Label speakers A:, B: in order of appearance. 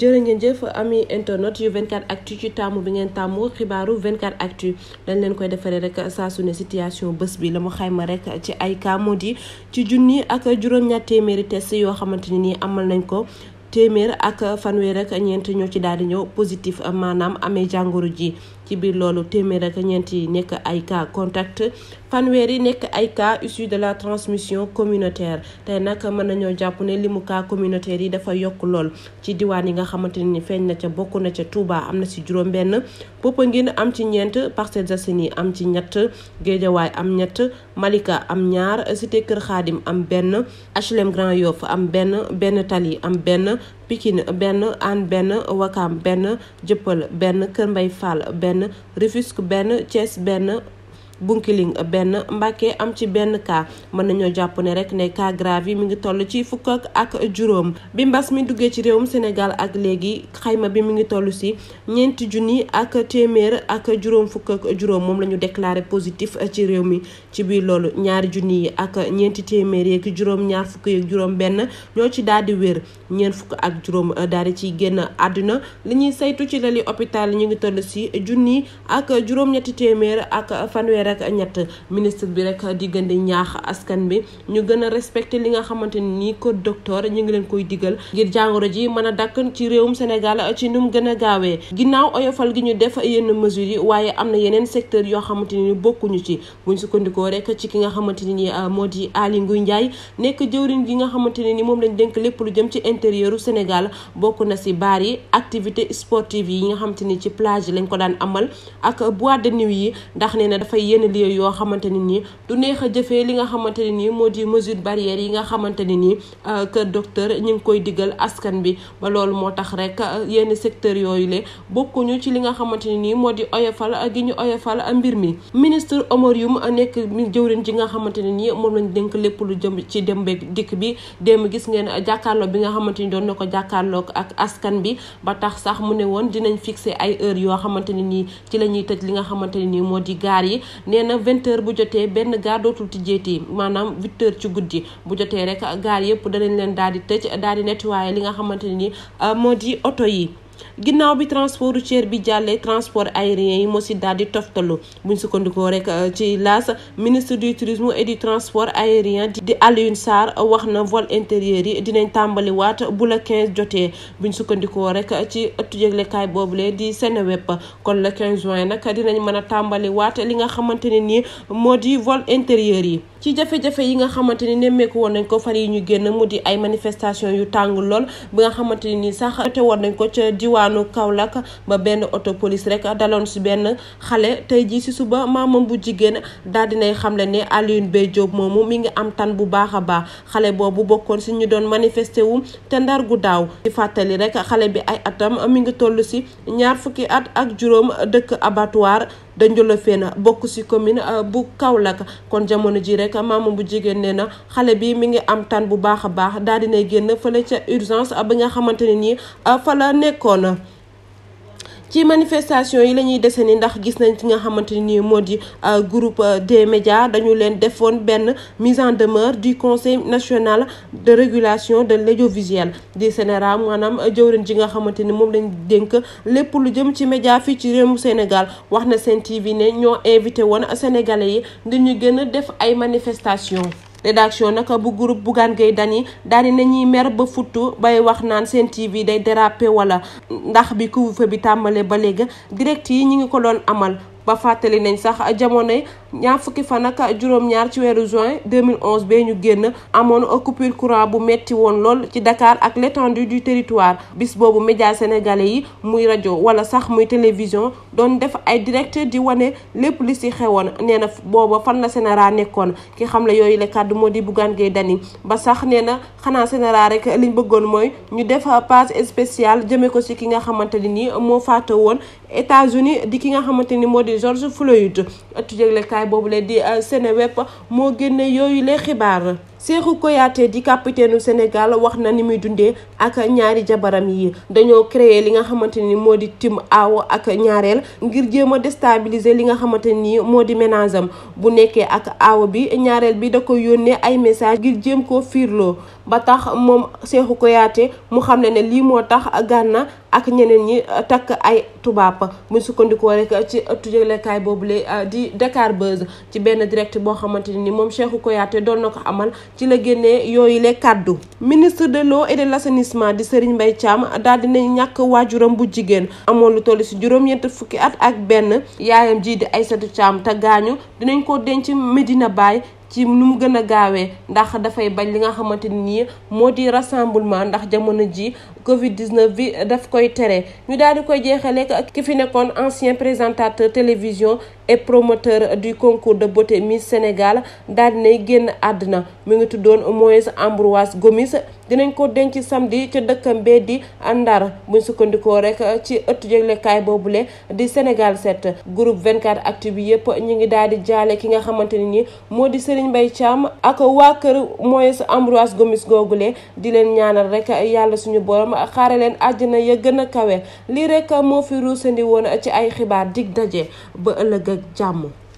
A: jërë ngeen jëf ami internet yu 24 actu ci taamu bi ngeen tàmmu xibaaru vingt 24 actu dañ leen koy defaree rek saa su ne situation bés bi la mu xayma rek ci ay cas di ci junni ak juróom-ñaar téeméeri yoo xamante ne nii amal nañ ko. téeméer ak fanweer ak ñeent ñoo ci daal di ñëw positif maanaam amee jàngoro ji ci biir loolu téeméer ak ñeenti nekk ay cas contact fanweer yi nekk ay cas issus de la transmission communautaire tey nag mën nañoo jàpp ne limu cas communautaire yi dafa yokk lool ci diwaan yi nga xamante ni feeñ na ca bokk na ca Touba am na si juróom-benn Popenguine am ci ñeent parce Parcelles Assainies am ci ñett Guédiawaye am ñett Malika am ñaar Cité Kër Xaadim am benn HLM Grand Yoff am benn Benn Tali am benn. Pikine benn Hann benn Ouakam benn Jëppal benn Kër Mbay Fall benn Rufisque benn Thiès benn Bunkiling benn Mbàkke am ci benn cas mën nañoo jàpp ne rek ne cas grave yi mi ngi toll ci fukk ak juróom bi mbas mi duggee ci réewum Sénégal ak léegi xayma bi mu ngi toll si ñeenti junni ak téeméer ak juróom fukk moom la ñu déclaré positif ci réew mi ci biir loolu ñaari junni yi ak ñeenti téeméer yeeg juróom ñaar fukk yeeg juróom benn ñoo ci daal di wér ñeent fukk ak juróom daal ci génn àdduna li ñuy saytu ci lali hôpital ñu ngi toll si junni ak juróom-ñetti téeméer ak fanweer rek ñett ministre bi rek di gën ñaax askan bi ñu gën a respecté li nga xamante ni ko docteur ñu ngi leen koy digal ngir jàngoro ji mën a dakk ci réewum Sénégal ci nu mu gën a gaawee ginnaaw oyofal gi ñu def yenn mesures waaye am na yeneen secteur yoo xamante ni bokkuñu ci buñ sukkandikoo rek ci ki nga xamante ni euh, moo di Aly Ngouille Ndiaye nekk jëwriñ gi nga xamante ne ni moom lañ dénk lépp lu jëm ci intérieur u Sénégal bokk na si baar yi activité sportive yi nga xamante ni ci plage lañ ko daan amal ak boîte de nuit yi ndax nee na dafay yenn yoo xamante ne nii du neex a jëfee li nga xamante ne nii moo di mesure barrière yi nga xamante ne nii euh, kër docteur ñu ngi koy digal askan bi ba loolu moo tax rek euh, yenn secteur yooyu le bokkuñu ci li nga xamante ne nii moo di oyofal euh, gi ñu oyofal mbir mi ministre Oumar Youm nekk jëwriñ ji nga xamante ne nii moom lañ dénk lépp lu jëm ci dem dikk bi démb gis ngeen jàkkaarloo bi nga xamante ni doon na ko jàkkaarloo ak askan bi ba tax sax mu ne woon dinañ fixé ay heure yoo xamante ne nii ci la ñuy tëj li nga xamante ne nii moo di gaar yi nee na vingt bu jotee benn gaar dootul tijjeeti maanaam huit ci guddi bu jotee rek gaar yëpp danañ leen daal di tëj daal di nettoyer li nga xamante ni euh, moo di oto yi ginnaaw bi transport routier bi jàllee transport aérien yi moo si daal di toftalu buñ sukkandikoo rek euh, ci laas ministre du tourisme et du transport aérien di Alioune Sarr wax na vol intérieur yi dinañ tàmbali waat bu la 15 jotee buñ sukkandikoo rek euh, ci ëttu yëglekaay boobule di Seneweb kon le 15 juin nag dinañ mën a tàmbali waat li nga xamante ne nii moo di vol intérieur yi ci jafe-jafe yi nga xamante ni nemmeeku woon nañ ko fan yi ñu génn mu di ay manifestation yu tàng lool bi nga diwaanu Kaolack ba benn auto police rek daloon si benn xale tey jii si suba maamam bu jigéen daal dinay xamle ni Alioune Bey Diop moomu mi ngi am tan bu baax a baax xale boobu bokkoon si ñu doon manifesté wu te ndar gu daaw di fàttali rek xale bi ay atam mi ngi toll si ñaar fukki at ak juróom dëkk abattoir de na bokk ci commune euh, bu Kaolack kon jamono ji rek maama bu jigéen nee na xale bi mi ngi am tan bu baax a baax daal dinay génn fële ca urgence ba nga xamante ne nii euh, fa la nekkoon ci manifestation yi la ñuy dese ni ndax gis nañ ci nga xamante ni moo di euh, groupe euh, des médias dañu leen defoon benn mise en demeure di conseil national de régulation de l'audiovisuel di CNRA maanaam euh, jëwriñ ji nga xamante ni moom lañ dénk lépp lu jëm ci média fii ci réew mu Sénégal wax na Sen TV ne ñoo invité woon sénégalais yi di ñu gën a def ay manifestation rédaction naka bu groupe Bougane Gueye Dany daal nañuy mer ba futtu bay wax naan seen TV day déraper walla ndax bi couvre bi tàmbalee ba léegi direct yi ñu ngi ko doon amal ba fàttali nañ sax jamonoy ñaar fukki fan ak juróom-ñaar ci weeru juin 2011 bee ñu génn amoon coupure courant bu metti woon lool ci Dakar ak l'étendue du territoire bis boobu média sénégalais yi muy rajo wala sax muy télévision doon def ay direct di wane lépp li si xewoon nee na booba fan na Sénéra nekkoon ki xam la yooyu la kàddu moo di Bougane Gueye Dany ba sax nee na xanaa Sénéra rek liñ bëggoon mooy ñu defa page spéciale jëme ko si ki nga xamante ni nii moo faata woon États-Unis di ki nga xamante ni moo di George Floyd boobu la di euh, Seneweb moo génne yooyu les xibaar Cheikhou Kouyaté di capitaine Sénégal wax na ni muy dundee ak ñaari jabaram yi dañoo créer li nga xamante ni moo di tim aaw ak ñaareel ngir jéem a déstabiliser li nga xamante ni moo di ménage bu nekkee ak aaw bi ñaareel bi da ko yónnee ay message ngir jéem koo fiirloo ba tax moom Cheikhou koyaate mu xam ne ne lii moo tax Gana ak ñeneen ñi takk ay tubaab buñ sukkandikoo rek ci ëttu yëglekaay boobule euh, di Dakar Buzz ci benn direct boo xamante ne ni moom Cheikhou Kouyaté dool na ko amal ci la génnee yooyu le kàddu ministre de l'eau et de l'assainissement di Serigne Mbaye Thiam daal dina ñàkk waajuram bu jigéen amoon lu toll si juróom-ñeent fukki at ak benn yaayam jii di ay Aïssatou Thiam te gaañu dinañ ko denc Medina Baye ci nu mu gën a gaawee ndax dafay bañ li nga xamante ni moo di rassemblement ndax jamono ji Covid 19 bi daf koy tere ñu daal di koy jeexale ki fi nekkoon ancien présentateur télévision. et promoteur du concours de beauté Miss Sénégal daal dinay génn àddina mu ngi tuddoon Moïse Ambroise Gomis dinañ ko denc samedi ca dëkkam bee di Ndar buñ sukkandikoo rek ci jeglekaay boobu boobule di Sénégal set groupe 24 actu active yëpp ñu ngi daal di jaale ki nga xamante ne ni moo di Serigne Mbaye Thiam ak waa kër Moïse Ambroise Gomis googule di leen ñaanal rek yàlla suñu borom xaare leen àjjana ya gën a kawe lii rek moo fi ruusandi woon ci ay xibaar dig daje ba ëllëg ak